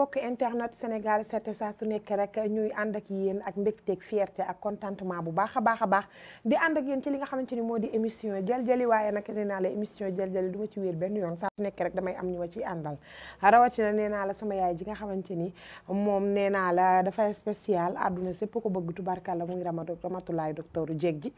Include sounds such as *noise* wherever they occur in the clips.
mbokk internet Sénégal seet saa su nekk rek ñuy ànd ak yéen ak mbégteeg fierté ak contentement bu baax a baax a baax di ànd ak yéen ci li nga xamante ni moo di émission jël waaye nag nee naa émission jël jëli ci wéer benn yoon saa su damay am ñu ma ciy rawatina nee naa la sama yaay ji nga xamante ni moom nee naa la dafay spécial àdduna sépp ko bëgg tubarkalla muy ramado ramatulaay docteur Jeeg ji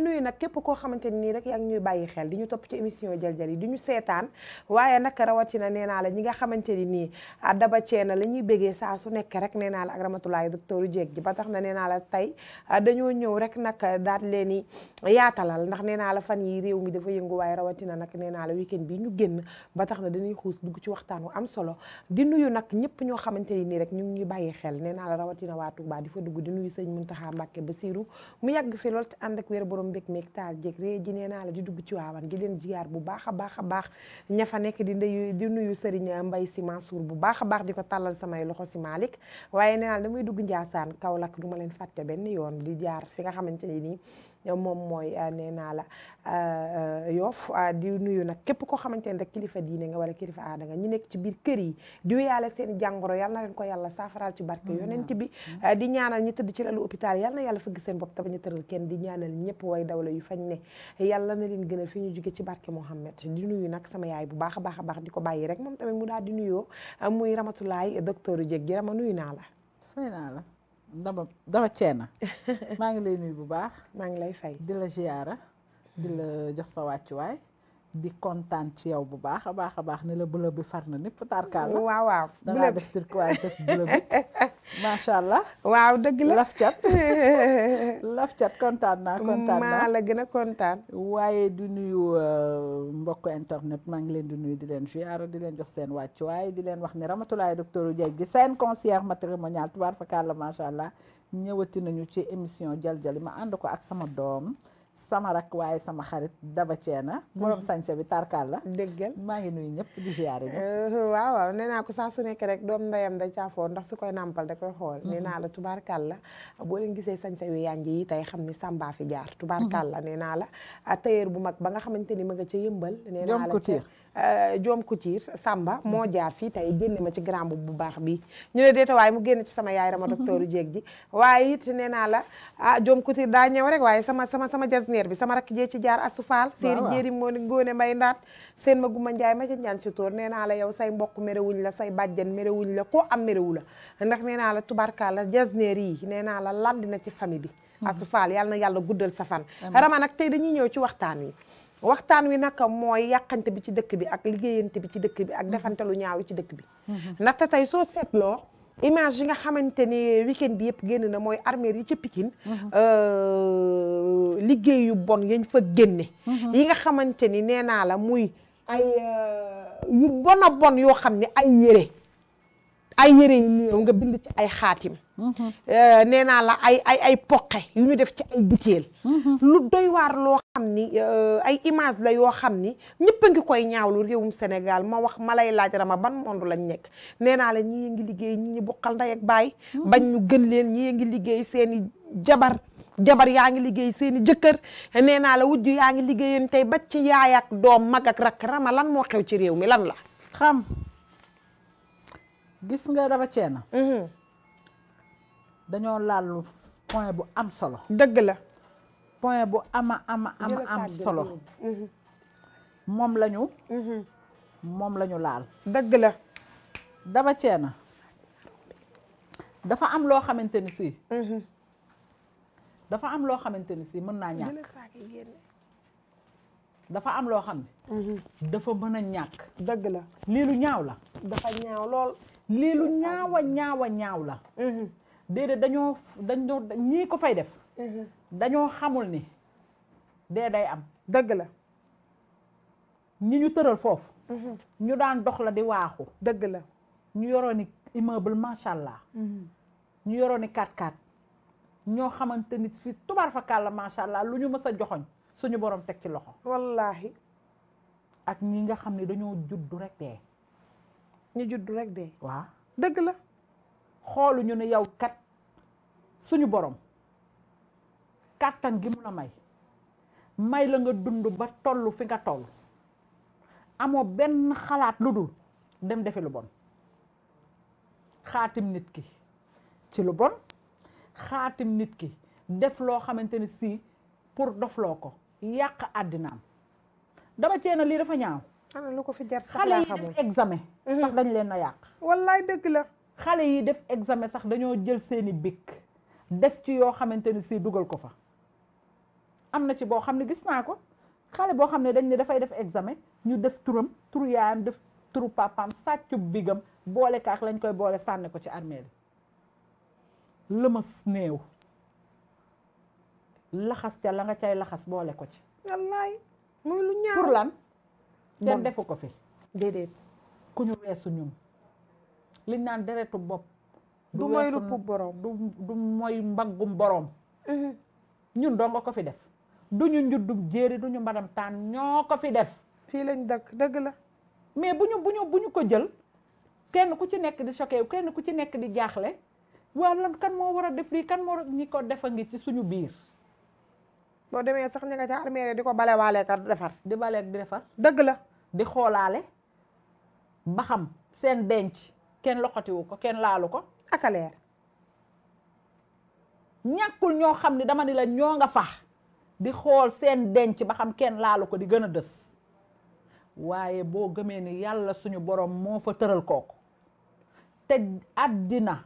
nuyu nag képp koo xamante ni rek yaa ngi ñuy bàyyi xel di ñu topp ci émission yi di ñu seetaan waaye nag rawatina nee naa la ñi nga xamante ni nii ah, daba ceena la ñuy bégee saa su nekk rek nee naa la ak Ramatulaay docteur Jeeg ji ba tax na nee naa la tey ah, dañoo ñëw rek nag daal leen i yaatalal ndax nee naa la fan yi réew mi dafa yëngu waaye rawatina nag nee naa la week-end bi ñu génn ba tax na dinañ xuus dugg ci waxtaan wu am solo di nuyu nag ñëpp ñoo xamante ni nii rek ñu ngi ñuy bàyyi xel nee naa la rawatina waa Touba di fa dugg di nuyu sëñ Muntaxa Mbàkke Basiru mu yàgg fi lool te ànd ak wér borom mbég meeg taal jéeg ree ji nee naa la di dugg ci waawan gi leen jiyaar bu baax a baax a baax ña fa nekk di ndeyu di nuyu Serigne Mbaye Sy Mansour bu baax a baax di ko tàllal samay loxo si Malick waaye nee naa la damay dugg Njaasaan Kaolack du ma leen fàtte benn yoon di jaar fi nga xamante ni moom mooy euh, nee naa la euh, euh, Yoff di nuyu nag képp koo xamante ne rek kilifa diine nga wala kilifa aada nga ñi nekk ci biir kër yi di wéyaale seen jàngoro yal na leen ko yàlla saafaraal ci barke mm-hmm. yonent bi mm-hmm. di ñaanal ñi tëdd ci lalu hôpital yal na yàlla fëgg seen bopp taba ñu tëral kenn di ñaanal ñëpp way dawla yu fañ ne yàlla na leen gënal fi ñu jóge ci barke Mohammed di nuyu nag sama yaay bu baax a baax a baax di ko bàyyi rek moom tamit mu daa di nuyoo muy Ramatulaay docteur Dieg gi Rama nuyu naa la fay naa la dama dama ceena *laughs* maa ngi lay nuyu bu baax. maa ngi lay fay di la ziyaara di la jox sa wàccuwaay. di kontaan ci yow bu baax a baax a baax ni la bële bi far na népp tarkaal la. waaw waaw bële bi dangaa def turquoise def bële bi. *laughs* macha allah waaw dëgg laf cat laf *laughs* cat kontaan naa kontaan naa maa la gën a kontaan. waaye du nuyu euh, mbokk internet maa ngi leen di nuyu di leen di leen jox seen wàccuwaay di leen wax ne Ramatulaay docteur Dieng gi seen conseillère matrimonial tubaar fakàlla macha allah ñëwati nañu ci émission Dial Diali ma ànd ko ak sama doom. sama rak waaye sama xarit Daba Thiena borom mhm. sañse bi tarkaal la dëggal maa ngi nuyu ñëpp di ziyaare eh, waaw nee naa ko saa su nekk rek doom ndeyam da caafoo ndax su koy nàmpal da koy xool mhm. nee naa la tubaarkaal la boo leen gisee sañse yu yànji yi tey xam ni sàmbaa fi jaar mhm. tubaarkaal la nee naa la ah, tailleur bu mag ba nga xamante ni ma nga ca yëmbal nee naa la Euh, joom Couture Samba mhm. moo jaar fii tey génne ma ci grand bu baax bi ñu ne deete waaye mu génn ci sama yaay rama mhm. docteur jeeg ji waaye it nee naa la ah joom Couture daa ñëw rek waaye sama sama sama jasneer bi sama rakk jee ci jaar asufaal séeri jéeri moo ngóone mbay ndaat seen ma gumma njaay ma ca ñaan si tóor nee naa la yow say mbokk merewuñ la say bàjjen merewuñ la ko am merewu la ndax nee naa la tubarka la jasneer yi nee naa la landi na ci famille bi mhm. asufaal yàlla na yàlla guddal sa ñëw ci waxtaan wi waxtaan wi naka mooy yàqante bi ci dëkk bi ak liggéeyante bi ci dëkk bi ak mhm. defante lu ñaaw ci dëkk bi mhm. na tey soo seetloo image yi nga xamante ni weekend bi yëpp génn na mooy armée yi ci Pikine mhm. euh, liggéey yu bon yañ fa génne yi nga xamante ni nee naa la muy ay euh, yu bon bon yoo xam ne ay yére ay yére yu ñëw nga bind ci ay xaatim. Mm-hmm. Euh, nee naa la ay ay ay poqe yu ñu def ci ay butéel. Mm-hmm. lu doy waar loo xam ni euh, ay image la yoo xam ni ñëpp a ngi koy ñaawlu réewum senegal ma wax ma lay laaj rama ban monde lañ nekk nee naa la ñii ngi liggéey ñi ñu bokkal ndey ak baay. Mm-hmm. bañ ñu gën leen ñii ngi liggéey seen i jabar. jabar yaa ngi liggéey seen i jëkkër nee naa la wujju yaa ngi liggéeyeen tey ba ci yaay ak doom mag ak rakk rama lan moo xew ci réew mi lan la xam gis nga Raba Ceena mhm. dañoo laal point bu am solo. dëgg la. point bu ama ama ama am solo. Mhm. moom la ñu. Mhm. moom lañu laal. dëgg la. Raba Ceena dafa am loo xamante ni si. dafa am loo xamante ni si mën naa ñàkk. dafa am loo xam ne. dafa mën a ñàkk. dëgg la lii lu ñaaw la. dafa ñaaw lool. lii lu ñaaw a ñaaw la mm-hmm. déedéet dañoo dañoo ñii ko fay def mm-hmm. dañoo xamul ni dee day am dëgg la ñi ñu tëral foofu mm-hmm. ñu daan dox la di waaxu dëgg la ñu yoroon ni immeuble allah. ñu yoroon ni kaat kaat ñoo xamante nit fi tubaar fa kàlla macha allah lu ñu mës a joxoñ suñu borom teg ci loxo wallaahi ak ñi nga xam ne dañoo juddu rek ñu judd rekk de waa dëgg la xooluñu ni yow kat suñu boroom kàttan gi mun a may may la nga dund ba tollu fi nga toll amoo benn xalaat lu dul dem defi lu bon xaatim nit ki ci lu bon xaatim nit ki def loo xamante ni sii pour dofloo ko yàq àddinaam dama cee lii dafa ñaaw. xanaa lu ko fi jar xale yi def examen mhm. sax dañ leen a yàq wallaay dëgg la xale yi def examen sax dañoo jël seeni bic def ci yoo xamante ni si dugal ko fa am na ci boo xam ne gis naa ko xale boo xam ne dañ ne dafay def examen ñu def turam turu yaayam def turu papaam sàccu bigam boole kaak lañ koy boole sànni ko ci armée bi néew laxas ca la nga cay laxas boole ko ci wallaay muy lu ñaaw pour lan kenn defu ko fi déedéet ku ñu weesu ñun liñ naan deretu bopp du mooy rupp borom du mooy mbaggum boroom mhm. ñun doo nga ko fi def duñu njuddum jéeri duñu mbanam taan ñoo ko fi def fii lañ dëkk dëgg la mais bu ñu bu ñu bu ko jël kenn ku ci nekk di choqué kenn ku ci nekk di jaaxle waaw lan kan moo war a def lii kan moo ñi ko defa ngi ci suñu biir boo demee sax ña nga ca armée di ko balewaale ka defar di baleeg di defar dëgg la di xoolaale ba xam seen denc kenn loxatiwu ko kenn laalu ko ak a leer ñàkkul ñoo xam ni dama ni la ñoo nga fax di xool seen denc ba xam kenn laalu ko di gën a dës waaye boo gëmee ni yàlla suñu boroom moo fa tëral kooku te àddina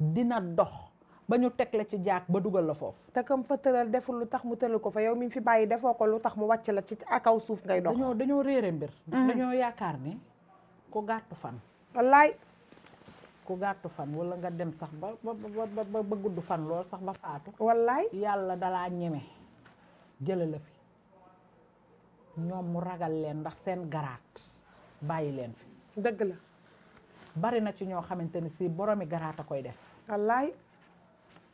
dina dox ba ñu teg la ci jaak ba dugal la foofu te kam fa tëral deful lu tax mu tëral ko fa yow mi fi bàyyi defoo ko lu tax mu wàcc la ci akaw suuf ngay dox dañoo dañoo réere mbir ndax mm. dañoo yaakaar ne ku gàttu fan wallaay ku gàttu fan wala nga dem sax ba ba ba ba gudd fan lool sax ba faatu wallaay yàlla dalaa ñeme jële la fi ñoom mu ragal leen ndax seen garaat bàyyi leen fi dëgg la bari na ci ñoo xamante ni si boromi garaat a koy def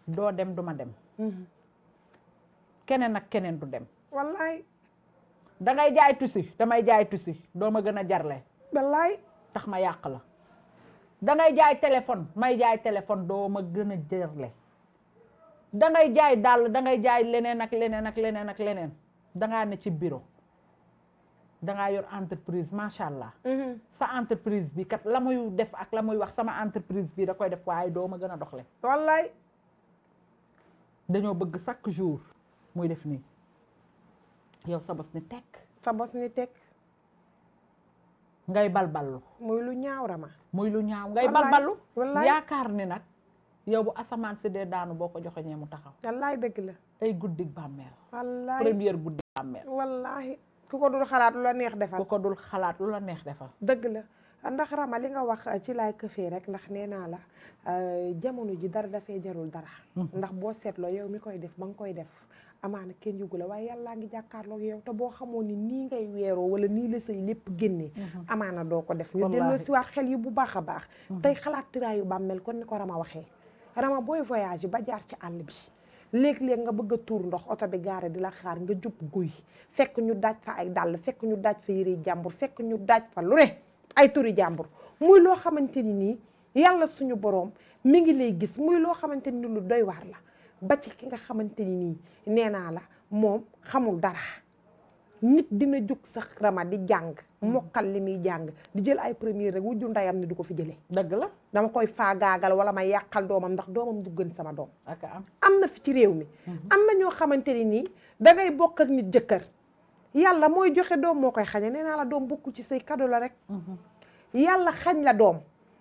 doo dem du ma dem. Mhm. keneen ak keneen du dem. wallaay. da ngay jaay tusi damay jaay tusi doo ma gën a jarle. wallaay tax ma yàq la. da ngay jaay téléphone may jaay téléphone doo ma gën a jarle. da ngay jaay dàll da jaay leneen ak leneen ak leneen ak leneen dangaa ne ci bureau. danga yor entreprise macha allah. Mhm. sa entreprise bi kat la muy def ak la muy wax sama entreprise bi da koy def waaye doo ma gën a doxle. wallaay. dañoo bëgg chaque jour muy def nii yow sa bos ni tekk sa bos ni tekk ngay balballu muy lu ñaaw rama muy lu ñaaw ngay balballu yaakaar ni nag yow bu asamaan si dee daanu boo ko ñee mu taxaw wallaay dëgg la ay guddi bàmmeel wallaay première guddi bàmmeel wallaahi ku ko dul xalaat lu la neex defal ku ko dul xalaat lu la neex defal dëgg la ndax Rama li nga wax ci laay këfee rek ndax nee naa la euh, jamono ji dara dafee jarul dara. Mm. ndax boo seetloo yow mi koy def ba nga koy def amaana kenn jugu la waaye yàllaa ngi jàkkaarloog yow te boo xamoo ni nii ngay weeroo wala nii la say lépp génnee. Mm-hmm. amaana doo ko def. ñu delloo si waat xel yi bu baax a baax. Mm-hmm. tey xalaat tiraayu bàmmeel kon ni ko Rama waxee. Rama booy voyage ba jaar ci àll bi. léeg-léeg nga bëgg a tuur ndox oto bi gaare di la xaar nga jub guy fekk ñu daaj fa ay dàll fekk daaj fa yëre fekk ñu daaj fa lu ay turi jàmbur muy loo xamante ni nii yàlla suñu boroom mu ngi lay gis muy loo xamante ni lu doy waar la ba ci ki nga xamante ni nii nee naa la moom xamul dara nit dina jug sax rama di jàng hmm. mokkal li muy jàng di jël ay premier rek wujju ndeyam ni du ko fi jëlee dëgg la dama koy faagaagal wala ma yàqal doomam ndax doomam du gën sama doom am na fi ci réew mi hmm. am na ñoo xamante ni nii da ngay bokk ak nit jëkkër yàlla mooy joxe doom moo koy xañe nee naa la doom bokku ci say cadeau la rek mhm. yàlla xañ la doom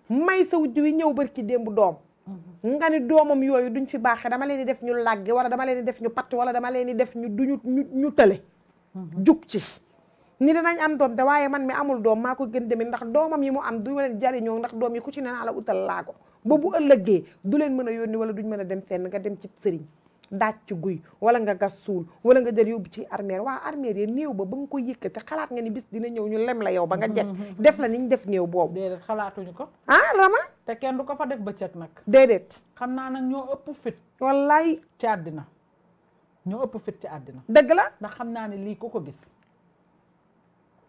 may sa wujj wi ñëw barki démb doom mhm. nga ni doomam yooyu duñ fi baaxee dama leen di def ñu làgge wala dama leen def ñu patt wala dama leen di def ñu duñu ñu ñu tële mhm. jug ci ni danañ am doom te waaye man mi amul doom maa ko gën demee ndax doomam yi mu am du leen jariñoo ndax doom yi ku ci nee naa la utal laa ko ba bu ëllëgee du leen mën a yónni wala duñ mën a dem fenn nga dem ci sëriñ daaj ci guy wala nga gas suul wala nga jël yóbbu ci armeer waa armeer yi néew ba ba nga ko te xalaat nga ni bis dina ñëw ñu lem la yow ba nga jet mm-hmm, mm-hmm. def la ñu def néew boobu déedéet xalaatuñu ko ah rama te kenn du ko fa def bëccëg nag déedéet xam naa nag ñoo ëpp ci àddina ñoo ci àddina dëgg la xam naa ne lii ko ko gis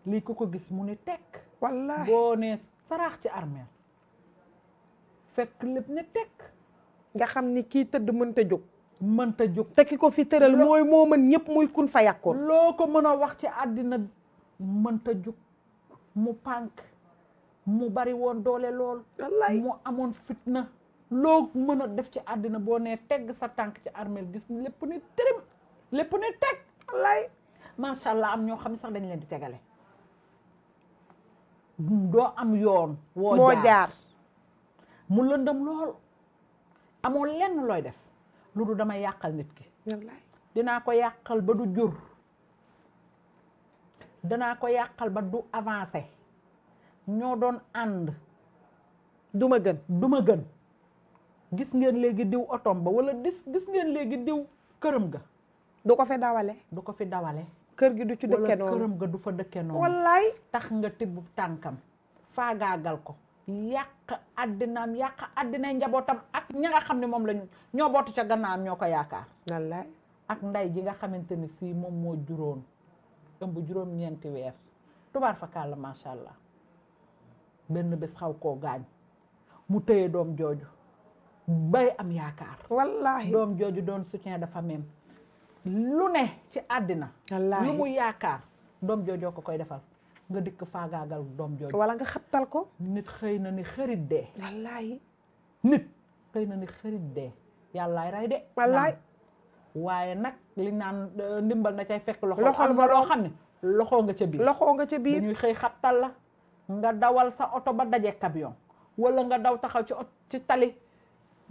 lii ko ko gis mu ni tekk wallaay boo nee saraax ci armeer fekk lépp ne tekk nga xam ni kii tëdd mënta jóg mënta jóg te ki ko fi tëral mooy moo mën ñëpp muy kun fa yàkkoon loo ko mën a wax ci àddina mënta jóg mu pànk mu bari woon doole lool mu amoon fitna loo mën a def ci àddina boo nee teg sa tànk ci armeel gis lépp ni tërim lépp ni teg lay macha allah am ñoo xam ne sax dañ leen di tegale doo am yoon woo jaar mu lëndam lool amoo lenn looy def lu du damay yàqal nit ki dinaa ko yàqal ba du jur danaa ko yàqal ba du avancé ñoo doon ànd duma ma gën du gën gis ngeen léegi diw otom ba wala dis gis ngeen léegi diw këram ga du ko fi dawale du ko fi dawale kër gi du ci dëkke noonu du fa dëkke noonu wallaay tax nga tibb tànkam faagaagal ko yàq àddinaam yàq àddinay njabootam ak ña nga xam ne moom lañu ñoo bootu ca gannaam ñoo ko yaakaar wallaay ak nday ji nga xamante ni sii moom moo juróon ëmb juróom ñeenti weer tubaar fa kàll macha allah benn bés xaw koo gaañ mu tëye doom jooju bay am yaakaar wallahi doom jooju doon soutien dafa mem lu ne ci àddina lu mu yaakaar doom joojoo ko koy defal nga dikk faagaagal doom jooju. wala nga xattal ko. nit xëy na ni xërit dee. nit xëy na ni xërit dee. yàllaay ray de. wallaay. waaye nag li naan euh, ndimbal na cay fekk. loxo am loo xam ne loxo nga ca biir. loxoo nga ca biir dañuy xëy xattal la. nga dawal sa oto ba daje camion. wala nga daw taxaw ci ot ci tali.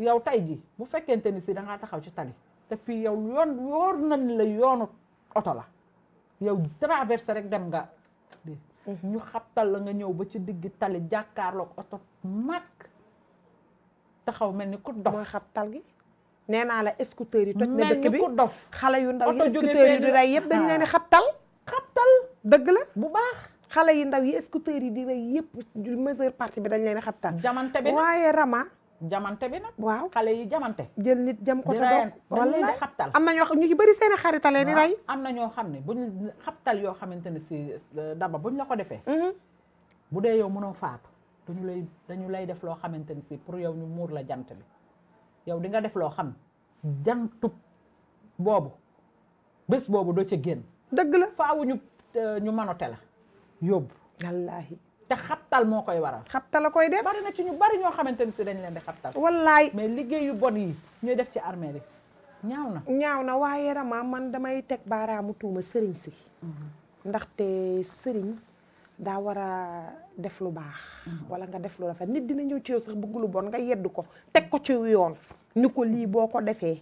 yow tey ji bu fekkente ni si da taxaw ci tali. te fii yow yoon yoor nañ yoonu oto la. yow traversé rek dem nga. ñu xabtal la nga ñëw ba ci digg tali jàkkaarloog oto mag taxaw mel ni ku dof mooy xabtal gi nee naa la scooter yi toj na dëkk bi ku xale yu ndaw yi scooter di rey yëpp dañ ah. leen xabtal xabtal dëgg la bu baax xale yu ndaw yi scooter yi di rey yëpp mesure partie bi dañ leen xabtal jamante bi waaye rama jamante bi nag. waaw xale yi jamante. jël nit jam ko te doog wala di xabtal am na ñoo xam ñu ci bëri seen xaritale ni rey. am na ñoo xam ne buñ xabtal yoo xamante ne si euh, daba buñ la ko defee. Mm-hmm. bu dee yow mënoo faatu dañu lay dañu lay def loo xamante ni si pour yow ñu muur la jant bi yow di def loo xam jantub boobu bés boobu doo ca génn. dëgg la faaw ñu euh, ñu mënote la yóbbu. te xabtal moo koy waral. xabtal la koy def bari na ci ñu bari ñoo xamante ni si dañ leen di xabtal. wallaay mais liggéeyu bon yi ñuy def ci armée bi ñaaw na. ñaaw na waaye Rama man damay teg baaraamu tuuma sëriñ si. Mhm. ndaxte sëriñ daa war a def lu baax. Mhm. wala nga def lu nit dina ñëw ci sax bëgg lu bon nga ko teg ko ci yoon. ni ko lii boo ko defee.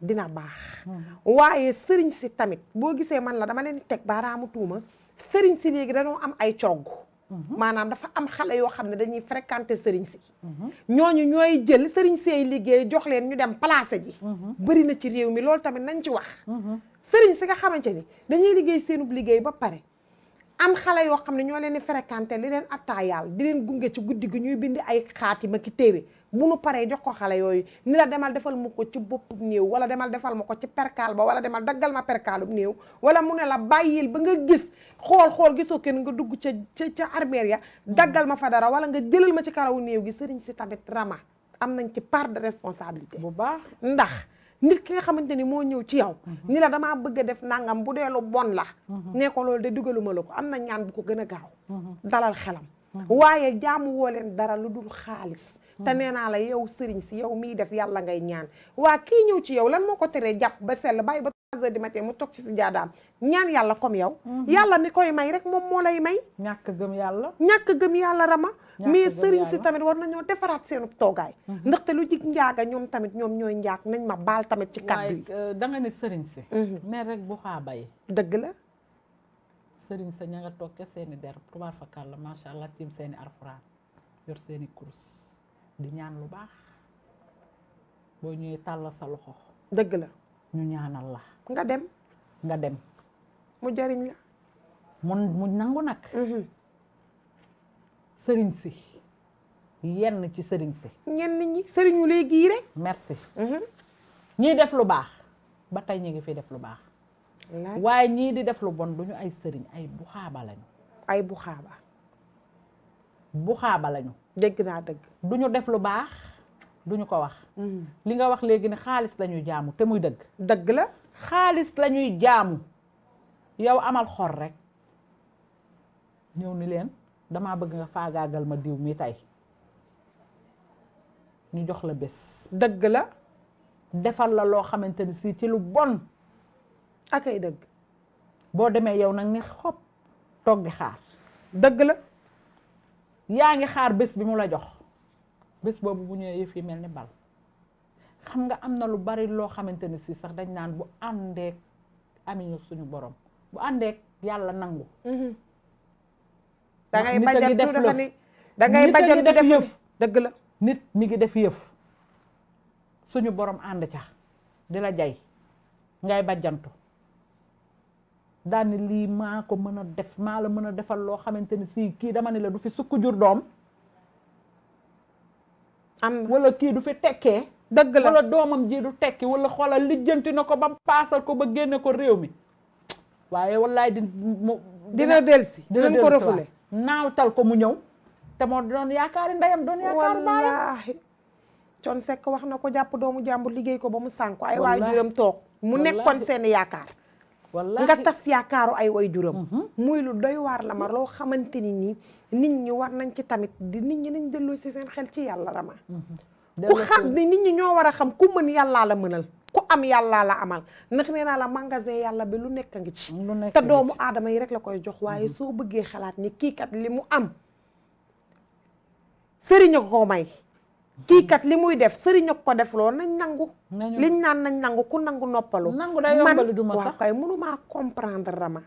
dina baax mhm. waaye sëriñ si tamit boo gisee man la dama leen teg baaraamu tuuma si léegi dañoo am ay coog Mm-hmm. maanaam dafa am xale yoo xam ne dañuy fréquenter sëriñ si mm-hmm. ñooñu ñooy jël sëriñ seey liggéey jox leen ñu dem placé ji mm-hmm. bëri na ci réew mi loolu tamit nañ ci wax sëriñ si nga xamante ni dañuy liggéey seenub liggéey ba pare am xale yoo xam ne ñoo leen di fréquenté li leen attaayaal di leen gunge ci guddi gi ñuy bind ay xaatima ki téere bu nu paree jox ko xale yooyu ni la demal defal ma ko ci boppub néew wala demal defal ma ko ci perkaal ba wala demal daggal ma perkaalub néew wala mu ne la bàyyil ba nga gis xool xool gisoo kenn nga dugg ca ca ca armeer ya daggal ma fa dara wala nga jëlal ma ci karawu néew gi sëriñ si tamit rama am nañ ci part de responsabilité bu baax ndax nit ki nga xamante ni moo ñëw ci yow mhm. ni la damaa bëgg a def nangam bu dee lu bon la mhm. nee ko loolu de digaluma la ko am na ñaan bu ko gën a gaaw mhm. dalal xelam waaye jaamuwoo leen dara lu dul xaalis te nee naa la yow sëriñ si yow mii def yàlla ngay ñaan waa kii ñëw ci yow lan moo ko teree jàpp ba sell bàyyi ba trois heures du matin mu toog ci si jaadaam ñaan yàlla koom yow yàlla ni koy may rek moom moo lay may ñàkk gëm yàlla ñàkk gëm yàlla ma mais sëriñ si tamit war ñoo defaraat seenu toogaay mhm. ndaxte lu jig njaaga ñoom tamit ñoom ñooy njaag nañ ma baal tamit ci kàddu yi euh, da ne sëriñ si mais mhm. rek bu xaa bay dëgg la sëriñ sa ña nga toog ca seeni der tubaar fa kàlla macha allah tiim seeni arfuraan yor seeni kurus di ñaan lu baax boo ñëwee tàllal sa loxo dëgg la ñu ñaanal la nga dem nga dem mu jariñ la mun mu nangu nag mhm. sëriñ si yenn ci sëriñ si ñenn ñi sëriñu léegi yi rek merci mhm. ñii def lu baax ba tey ñu ngi fi def lu baax waaye ñii di def lu bon duñu ay sëriñ ay buxaaba lañu ay buxaaba buxaaba lañu dégg naa dëgg duñu def lu baax duñu ko wax mhm. li nga wax léegi ne xaalis lañuy jaamu te muy dëgg dëgg la xaalis lañuy jaamu yow amal xor rek ñëw ni leen damaa bëgg nga faagaagal ma diw mi tey ñu jox la bés dëgg la defal la loo xamante ni si ci lu bon akay dëgg boo demee yow nag ni xob toog di xaar dëgg la yaa ngi xaar bés bi mu la jox bés boobu bu ñëwee yëf yi mel ni bal xam nga am na lu bari loo xamante ni si sax dañ naan bu àndeek amiñu suñu borom bu àndeek yàlla nangu mhm. da ngay bajjatu dafa ni da ngay bajjatu def yëf la nit mi ngi def yëf suñu borom ànd ca di jay ngay bajjantu daani lii maa ko mën a def maa la mën a defal loo xamante ni si kii dama ne la du fi sukk jur doom am wala kii du fi tekkee dëgg la wala doomam ji du tekki wala xoolal lijjanti na ko ba paasal ko ba génne ko réew mi waaye wallaay di dina delsi dinañ ko refoulé naawtal ko mu ñëw te moo doon yaakaari ndeyam doon yaakaar baayam Thione Seck wax na ko jàpp doomu jàmbur liggéey ko ba mu sànk ay waay juram toog mu nekkoon seeni yaakaar wallaahi nga tas yaakaaru ay way juram mm-hmm. muy lu doy waar la ma loo xamante ni nii nit ñi war nañ ci tamit di nit ñi nañ delloo si seen xel ci yàlla rama mm-hmm. ku xat ni nit ñi ñoo war a xam ku mën yàllaa la mënal ku am yàlla la amal ndax nee la magasin yàlla bi lu nekk a ngi ci te doomu aadama yi rek la koy jox waaye mhm. soo bëggee xalaat ni kii kat li mu am sëriñ ko may kii mhm. li muy def sëriñ ko defloo nañ nangu liñ naan nañ nangu ku nangu noppalu nangu day yombalu du ma sax waaw kay comprendre ma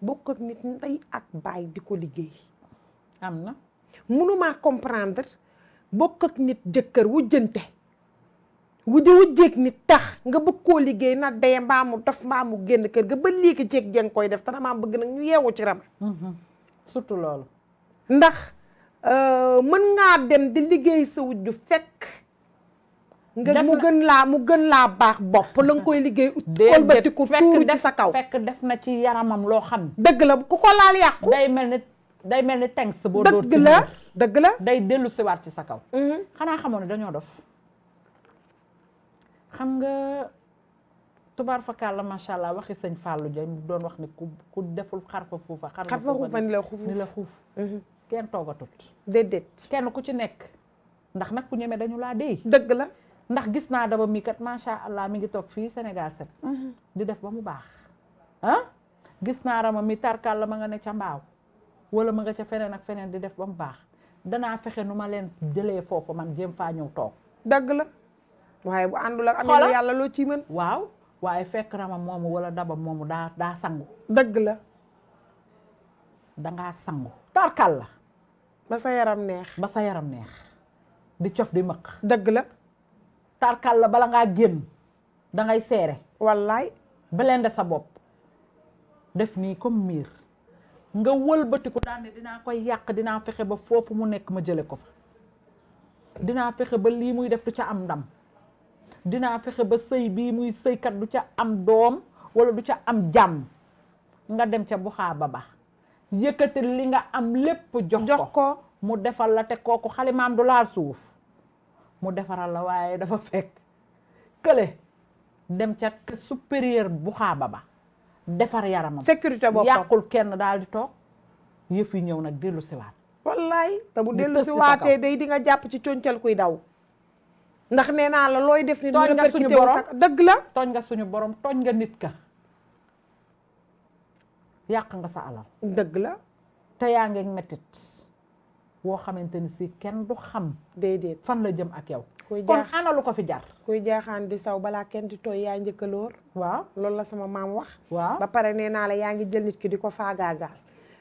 bokk nit ndey ak baay di ko liggéey am na mënumaa comprendre bokk ak nit jëkkër wujjante wujje wujjeeg nit tax nga bëgg koo liggéey na dee mbaa mu dof mbaa mu génn kër ga ba léegi jeeg jeng koy def te damaa bëgg nag ñu yeewu ci rama mm-hmm. loolu ndax euh, mën ngaa dem di liggéey sa wujju fekk nga mu gën laa mu gën laa baax bopp la nga koy liggéey ut kolbatiku tuuru ci sa kaw fekk def na ci yaramam loo xam dëgg la ku ko laal yàqu day mel ni teng boo dóor ci dëgg la dëgg la day dellu siwaat ci sa kaw mm-hmm. xanaa xamoon ne dañoo dof xam nga tubaar fakàlla macha allah waxi sëñ Fallou ja doon wax ni ku ku deful xarfa fuufa xarfa fuufa ni la xuuf ni la xuuf mm-hmm. kenn toogatut déedéet kenn ku ci nekk ndax nag ku ñemee dañu laa déy dëgg la ndax gis naa daba mii kat macha allah mi ngi toog fii senegal set mm-hmm. di def ba mu baax ah gis naa rama mi tarkal la ma nga ne ca mbaaw wala ma nga ca feneen ak feneen di def ba mu baax danaa fexe nu ma leen jëlee foofu man jéem faa ñëw toog. dagg la waaye bu àndul ak. amee yàlla loo ci mën. waaw waaye fekk ramam moomu wala dabam moomu daa daa sangu. dagg la. dangaa sangu. tarkal la. ba sa yaram neex. ba sa yaram neex. di cof di mëq. dëgg la. tarkal la bala ngaa génn. dangay seere. wallaay. belende sa bopp. def nii comme miir. nga wëlbati ko daan ne dinaa koy yàq dinaa fexe ba foofu mu nekk ma jële ko fa dinaa fexe ba lii muy def du ca am ndam dinaa fexe ba sëy bii muy sëykat du ca am doom wala du ca am jàmm nga dem ca buxaaba ba yëkkati li nga am lépp jox jox ko mu defal la te kooku xalimaam du laal suuf mu defaral la waaye dafa fekk kële dem ca supérieur buxaaba ba defar yaramam sécurité boppam yàqul kenn daal di toog yëf yi ñëw nag dellu siwaat wallaay te bu dellu siwaatee day di nga jàpp ci concal kuy daw ndax nee naa la looy def ni tooñ nga suñu borom dëgg la tooñ nga suñu borom tooñ nga nit ka yàq nga sa alal dëgg la te yaa ngi mettit woo xamante ni si kenn du xam déedéet fan la jëm ak yow kuy jaax kon ana lu ko fi jar. kuy jaaxaan di saw balaa kenn di tooy yaa njëkkalóor. waaw loolu la sama maam wax. waaw ba pare nee naa la yaa ngi jël nit ki di ko faagaagaal.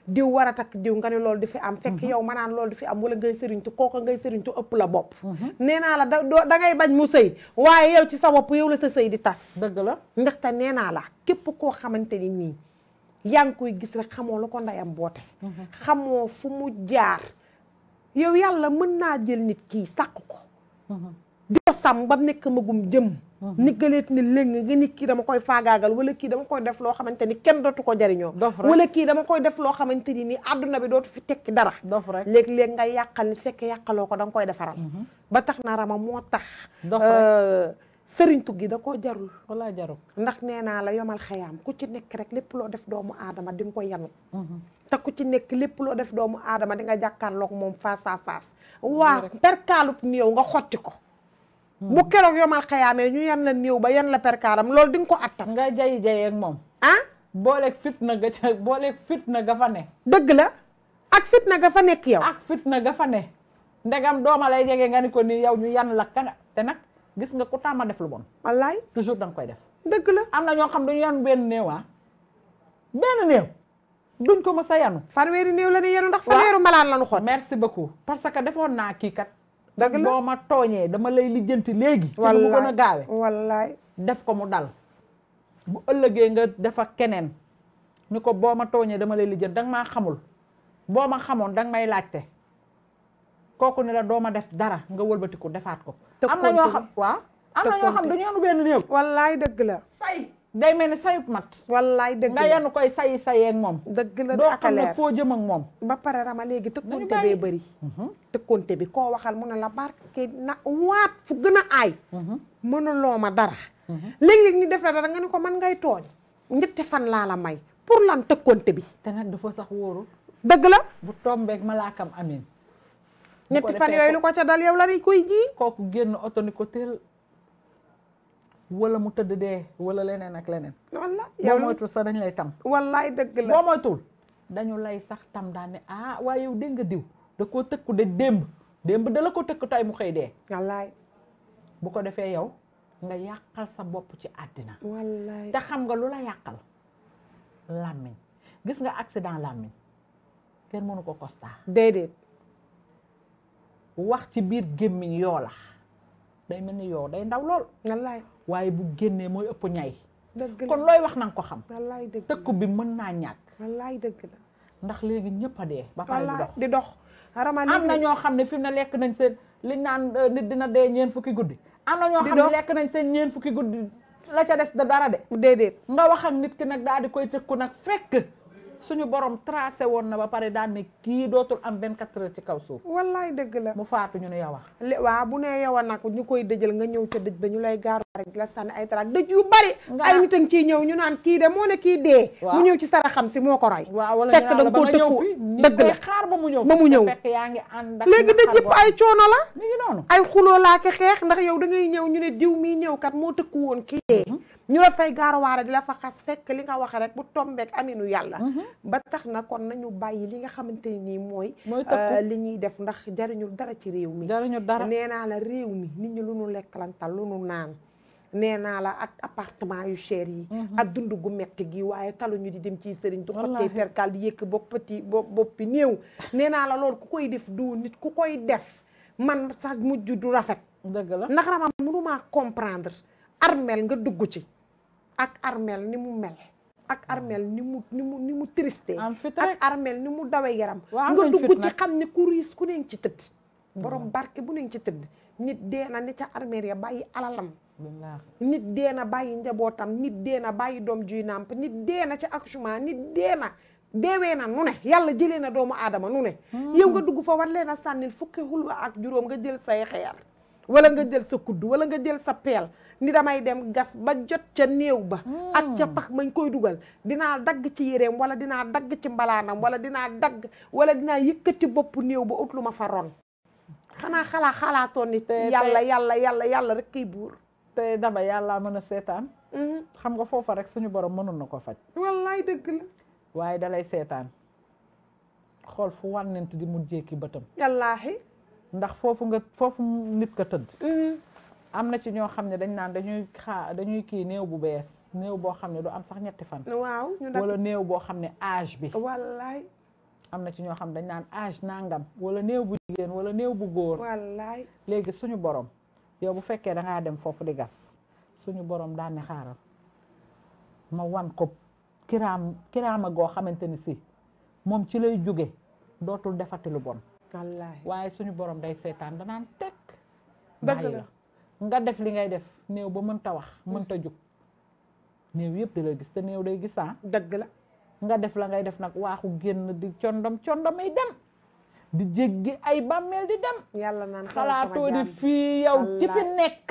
diw war a takk diw nga ne loolu di fi am. Mhm. fekk yow ma naan loolu di fi am wala ngay sëriñtu kooka ngay sëriñtu ëpp la bopp. Mhm. nee naa la da da bañ mu sëy waaye yow ci sa bopp yow la sa sëy di tas. dëgg la ndaxte nee naa la képp koo xamante ni nii yaa ngi koy gis rek xamoo la ko ndeyam boote. Mhm. xamoo fu mu jaar yàlla mën naa jël nit kii sàq di ko sàmm ba mu nekk magum jëm. ni nga leet ne léegi nga ni kii dama koy faagaagal wala kii dama koy def loo xamante ni kenn dootu ko jariñoo wala kii dama koy def loo xamante ni nii àdduna bi dootu fi tekki dara léeg-léeg nga yàqal nit fekk yàqaloo ko da nga koy defaral mhm. ba tax na rama moo tax sëriñ tuggi da ko jarul wala jarul ndax nee naa la yomal xayaam ku ci nekk rek lépp loo def doomu aadama di nga ko yanu mm-hmm. te ku ci nekk lépp loo def doomu aadama di nga jàkkaarloog moom face à face waa perkaalub néew nga xotti ko mm-hmm. bu keroog yomal xayaamee ñu yan la néew ba yan la perkaalam lool di nga ko attan nga jayi jayi moom ah booleeg fitna ga ca booleeg fitna ga fa ne dëgg la ak fitna ga fa nekk yow ak fitna ga fa ne ndegam dooma lay jege nga ni ko ni yow ñu yan la ka te nag gis nga ko tàmma def lu bon. wallaay toujours da nga koy def. dëgg la am na ñoo xam duñu yan benn néew ah benn néew. duñ ko ma a yanu. fanweeri néew la ñuy yanu ndax. waaw malaan la ñu xool. merci beaucoup parce que defoon naa kii kat. dëgg la boo ma tooñee dama lay lijjanti léegi. wallaay ci lu mu gën gaawe wallaay def ko mu dal. bu ëllëgee nga def ak keneen. ni ko boo ma tooñee dama lay lijjanti danga maa xamul. boo ma xamoon danga may laajte. kooku ne la dooma def dara nga wëlbatiku defaat ko. am na ñoo xam waaw am na ñoo xam dañu yenu benn néew. wallaay dëgg la. say day mel ni sayub mat. wallaay dëgg la nga yenu koy sayi sayee ak moom. dëgg la doo xam ne jëm ak moom. ba pare rama léegi tëkkonte bee bëri. Mm-hmm. tëkkonte bi koo waxal mun na la barke na waat fu gën a aay. Mm-hmm. mënuloo ma dara. Mm-hmm. léeg ñu def la dara nga ne ko man ngay tooñ. ñetti fan laa la may pour lan tëkkonte bi. te nag dafa sax wóorul. dëgg la bu tombeeg malaakam amin ñetti fan yooyu lu ko ca dal yow la di koy ji kooku génn oto ni ko tëral wala mu tëdd dee wala leneen ak leneen wala yow boo moytul sax dañ lay tam wallaay dëgg la boo moytul dañu lay sax tam daan ne ah waaye yow dégg nga diw da koo tëkku de démb démb da ko tëkk tay mu xëy dee wallaay bu ko defee yow nga yàqal sa bopp ci àddina te xam nga lu la yàqal làmmiñ gis nga accident làmmiñ kenn mënu ko constat déedéet wax ci biir gémmiñ yoo la day mel ni yoo day ndaw lool. wallaay waaye bu génnee mooy ëpp ñay. kon looy wax na ko xam. wallaay dëgg tëkku bi mën naa ñàkk. wallaay dëgg la. ndax léegi ñëpp a dee. ba pare di dox am na ñoo xam ne fi mu ne lekk nañ seen liñ naan euh, nit dina dee ñeen fukki guddi. am na ñoo xam ne lekk nañ seen ñeen fukki guddi la ca des da dara de. déedéet nga wax ak nit ki nag daal di koy tëkku nag fekk. suñu borom tracé woon na ba pare daan ne kii dootul am 24 heures ci kaw suuf. wallaay dëgg la mu faatu ñu ne yow a. li waaw bu nee yow a nag ñu koy dëjal nga ñëw ca dëj ba ñu lay gaaru rek la sànni ay taraak dëj yu bari. ay a ngi ciy ñëw ñu naan kii de moo ne kii dee. mu ñëw ci saraxam si moo ko roy. waaw wala fekk da koo tëkku dëgg la xaar ba mu ñëw. ba mu ñëw fekk yaa ngi ànd ak léegi dëj yëpp ay coono la. ñu ngi noonu ay xuloo laa ke xeex ndax yow da ñëw ñu ne diw mii ñëw kat moo tëkku woon kii dee mm-hmm. ñu la fay gaarawaare di la fa xas fekk li nga wax rek bu tombeek aminu yàlla mhm. ba tax na kon nañu bàyyi li nga xamante ni mooy euh, li ñuy def ndax jariñul dara ci réew mi jariñul dara nee naa la réew mi nit ñi lu nu lekkalantal lu nu naan nee naa la ak appartement yu cher yi mhm. ak dund gu metti gi waaye taluñu di dem ci sëriñ du xottee perkal di yëkk bopp petit bopp bi néew nee naa la lool ku koy def du nit ku koy def man sax mujj du rafet dëgg la ndax rama mënumaa comprendre armel nga dugg ci ak armeel ni mu mel ak armeel ni mu ni mu ni mu triste ak armeel ni mu dawe yaram nga dugg ci xam ne ku riis ku neen ci tëdd mm. borom barke bu neen ci tëdd nit deena ne ca armeel ya bàyyi alalam nit deena bàyyi njabootam nit deena bàyyi doom juy nàmp nit deena ak accouchement nit deena deewee na nu ne yàlla jëlee na doomu aadama nu ne mm. yow nga dugg fa war leen a sànnil fukki xulwa ak juróom nga jël say xeer wala nga jël sa kuddu wala nga jël sa peel ni damay dem gas ba jot ca néew ba hmm. ak ca pax mañ koy dugal dinaa dagg ci yéreem wala dinaa dagg ci mbalaanam wala dinaa dagg wala dinaa yëkkati bopp néew ba ut lu ma fa ron xanaa xalaa xalaatoon ni yàlla yàlla yàlla yàlla rek buur te daba yàlla mën a seetaan hmm. xam nga foofa rek suñu borom mënul na ko faj wallaay dëgg la waaye dalay seetaan xool fu wànnent di mu jékki bëtam wallaahi ndax foofu nit ka tëdd hmm. am na ci ñoo xam ne dañ naan dañuy xaa dañuy kii néew bu bees néew boo xam ne du am sax ñetti fan. waaw wala néew boo xam ne âge bi. wallaay. na ci ñoo xam ne dañ naan âge nangam wala néew bu jigéen wala néew bu góor. wallaay léegi suñu boroom yow bu fekkee dangaa dem foofu di gas suñu boroom daan ne xaaral ma wan ko kiraam kiraama goo xamante ni si moom ci lay jóge dootul defati lu bon. waaye suñu boroom day seetaan danaan tekk. dëgg la nga def li ngay def néew ba mënta wax mënta jug néew yëpp di la gis te néew day gis ah. dëgg la nga def la ngay def nag waaxu génn di condom condom yi dem. di jéggi ay bàmmeel di dem. yàlla naan xalaatoo di fii yow ci fi nekk.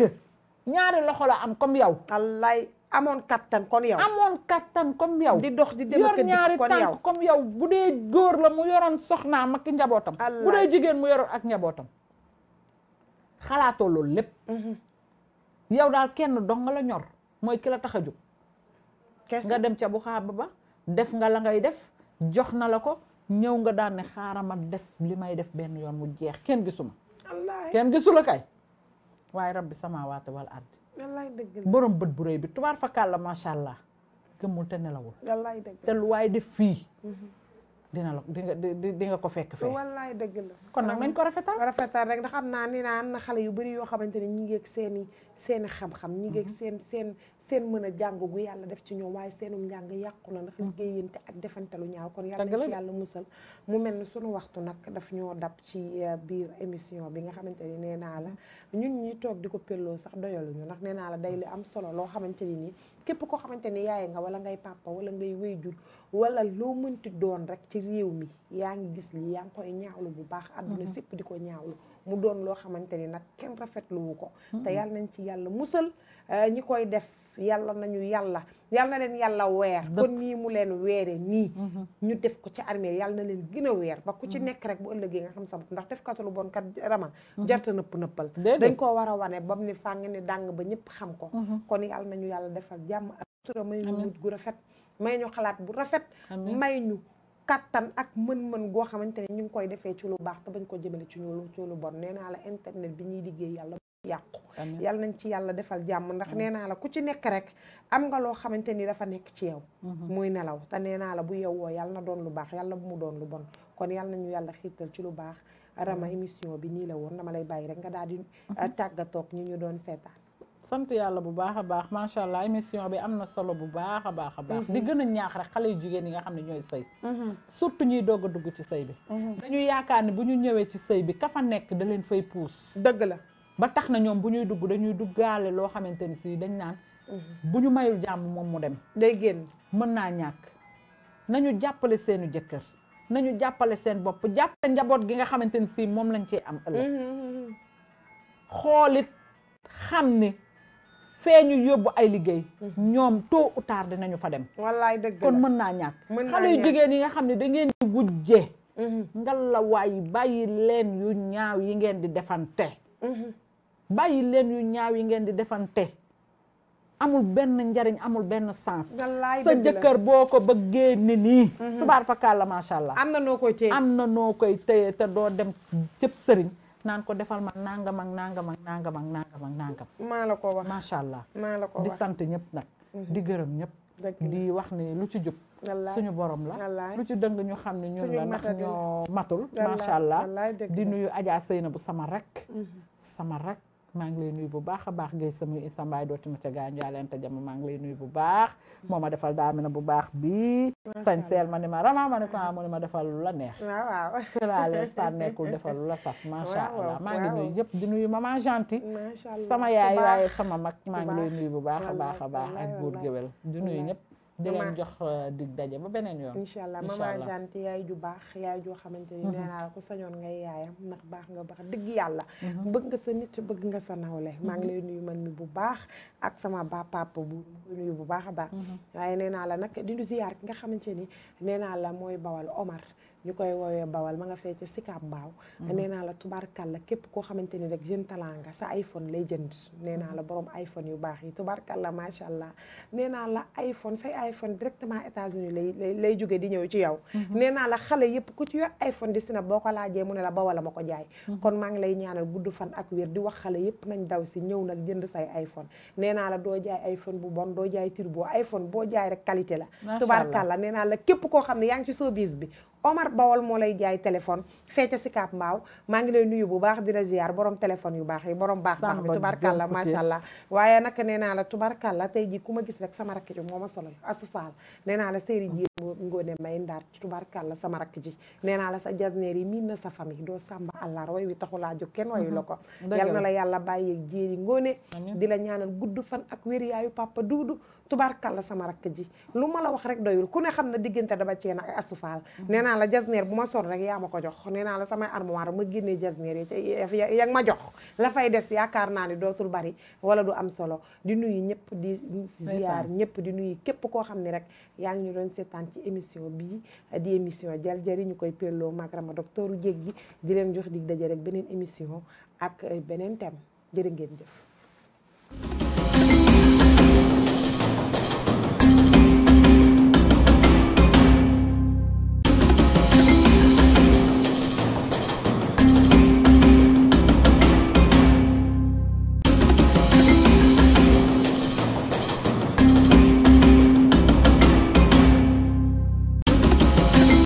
ñaari loxo la am comme yow. wallaay amoon kattan kon yow. amoon kattan yow. di dox di dem ak yor ñaari tànk comme yow bu dee góor la mu yoroon soxnaam makki njabootam. bu dee jigéen mu yoroon ak njabootam. xalaatoo loolu lépp. Mhm. yow daal kenn dox nga la ñor mooy ki la tax a jóg. nga dem ca bu xaaba ba def nga la ngay def jox na la ko ñëw nga daan ne xaaral ma def li may def benn yoon mu jeex kenn gisuma. wallaahi kenn gisula kay. waaye rabbi samaawaati wal ardi. wallaahi dëgg la borom bët bu rëy bi tubaar fakàlla macha allah gëmmul te nelawul. wallaahi te lu waay def fii. Mhm. dina la di nga ko fekk fee. wallaay dëgg la. kon nag nañ ko rafetal. rafetal rek ndax xam naa ne naa na xale yu bari yoo xamante ne ñu ngi ak seen i seen i xam-xam. ñu ngi ak seen seen seen mën a jàng gu yàlla def ci ñoom waaye seenum njàng yàqu na ndax mm. liggéeyante ak defante lu ñaaw kon yàlla ci yàlla musal mu mel ni sunu waxtu nag daf ñoo dab ci euh, biir émission bi nga xamante ni nee naa la ñun ñi toog di ko pelloo sax doyaluñu ndax nee naa la day lu am solo loo xamante ni nii képp koo xamante ni yaay nga wala ngay papa wala ngay wéyjur wala loo mënti doon rek ci réew mi yaa ngi gis li yaa ngi bu baax mm-hmm. àdduna sépp di ko ñaawlu mu doon loo xamante ni nag kenn rafetluwu ko mm-hmm. te yàlla nañ ci yàlla musal euh, ñi koy def yàlla nañu yàlla yàlla leen yàlla weer kon nii mu leen weere nii mhm. ñu def ko ci armée yàlla na leen gën a weer ba ku ci mhm. nekk rek bu ëllëgee nga xam sa bopp ndax def katalu bon kat rama mhm. jarta nëpp nëppal dañ koo war a wane bam ni fàng ni dàng ba ñëpp xam ko kon yàlla nañu yàlla defal jàmm ak sutura may ñu mujj gu rafet may ñu xalaat bu rafet may ñu kattan ak mën-mën goo xamante ne ñu ngi koy defee ci lu baax te bañ ko jëmale ci ñu ci lu bon nee naa la internet ñuy liggéey yàlla yàqu yàlla nañ ci yàlla defal jàmm ndax nee naa la ku ci nekk rek am nga loo xamante ni dafa nekk ci yow mm-hmm. muy nelaw te nee naa la bu woo yàlla na doon lu baax yàlla bu mu doon lu bon kon yàlla ñu yàlla xiital ci lu baax rama émission bi nii la woon dama lay bàyyi rek nga daal di mm-hmm. euh, tàggatoog ñu ñu doon seetaan sant yàlla bu baax a baax macha allah émission bi am na solo bu baax a baax a baax di mm-hmm. gën a ñaax rek xale yu jigéen yi nga xam ne ñooy sëy surtout ñuy doog a dugg ci sëy bi dañu yaakaar ne bu ñu ñëwee ci sëy bi ka fa nekk da leen fay puus dëgg la ba tax na ñoom bu ñuy dugg dañuy duggaale loo xamante ni si dañ naan mhm. bu ñu mayul jàmm moom mu dem day génn mën naa ñàkk nañu jàppale seenu jëkkër nañu jàppale seen bopp jàppale njaboot gi nga xamante ni si moom lañ cee am ëllëg mhm, mhm, xoolit xam ni fee ñu yóbbu ay liggéey ñoom tôt ou tard dinañu fa dem wallaay dëgg kon mën naa ñàkk xale yu jigéen yi nga xam ne da ngeen di wujjee nga bàyyi leen yu ñaaw yi ngeen di defante bàyyi leen yu ñaaw yi ngeen di defante amul benn njariñ amul benn sens sa jëkkër boo ko bëggee ni nii mhm. tubaar fa kàlla macha allah am na noo koy téye am na noo koy téye te doo dem cëp sëriñ naan ko defal ma nangam ak nangam ak nangam ak nangam ak nangam maa la ko wax macha maa la ko wax di sant ñëpp nag mhm. di gërëm ñëpp di wax ni lu ci jub suñu borom la lu ci dëng ñu xam ne ñun la ndax ñoo matul macha allah di nuyu Adja na bu sama rek sama rak maa ngi lay nuyu bu baax a baax gay sama Issa Mbaye dooti ma ca gaanjaalente jama maa ngi lay nuyu bu baax mm. moo ma defal daamina bu baax bii sañseel ma ni ma rama ma ni ko ah, mu ma defal lu la neex waaw firale sa defal lu la saf *laughs* macha allah maa ngi nuyu yëpp di ma maman gentil sama yaay waaye sama mag maa ngi lay nuyu bu baax a baax a baax ak buur géwél di nuyu ñëpp di jox euh, dig daje ba beneen yoon. incha allah maman Jante yaay ju baax yaay joo xamante ni mhm. nee naa la ku sañoon ngay yaayam ndax baax nga bax dëgg yàlla. Mhm. bëgg nga sa nit bëgg nga sa nawle. Mhm. maa ngi lay nuyu man mi bu baax ak sama ba papa bu nuyu bu baax a baax. waaye nee naa la nag di nu ziar ki nga xamante ni nee naa la mooy bawal Omar. ñu koy wooyee bawal ma nga fee ca Sicap Mbao mm-hmm. nee naa la tubarkalla képp koo xamante ni rek jeune talent nga sa iPhone lay jënd nee naa la mm-hmm. borom iPhone yu baax yi tubarkalla macha allah nee naa la iPhone say iPhone directement États-Unis lay lay jóge di ñëw ci yow mm-hmm. nee naa la xale yëpp ku ci yor iPhone di si na boo ko laajee mu ne la bawal ma ko jaay kon maa lay ñaanal gudd fan ak wér di xale yëpp nañ daw si ñëw nag jënd say iPhone nee naa la doo jaay iPhone bu bon doo jaay turbo iPhone boo jaay rek qualité la tubarkalla nee naa la képp koo xam ne yaa ngi ci showbiz bi Omar Bawol moo lay jaay téléphone feete si Kaap Mbaaw maa ngi lay nuyu bu baax di la ziar boroom téléphone yu baax yi borom baax baax bi tubarkalla macha allah waaye nag nee naa la tey ji ku ma gis rek sama rakk ji moo ma solo asu faal naa la séeri ji ngoone may ndaar ci tubarkalla sama rakk ji nee naa la sa jasneer yi miin na sa famille doo sàmba àllar wi taxulaa jóg kenn wayu la mhm. ko yal na la yàlla bàyyeeg jéeri ngoone di la ñaanal gudd fan ak wér yaayu papa duudu tubarkalla sama rakk ji lu ma la wax rek doyul ku ne xam na diggante daba ceen ak asu faal mhm. naa la jasneer bu ma sol rek yaa ma ko jox nee naa la samay armoire ma génnee jasneer yi ya ma jox la fay des yaakaar naa ne dootul bari wala du am solo di nuyu ñëpp di ziar ñëpp di nuyu képp koo xam ne rek yaa ñu doon seetaan ci émission bii di émission jal jariñu ñu koy pelloo maak Rama Docteur Dieg gi di leen jox dig daje rek beneen émission ak beneen thème jërë jëf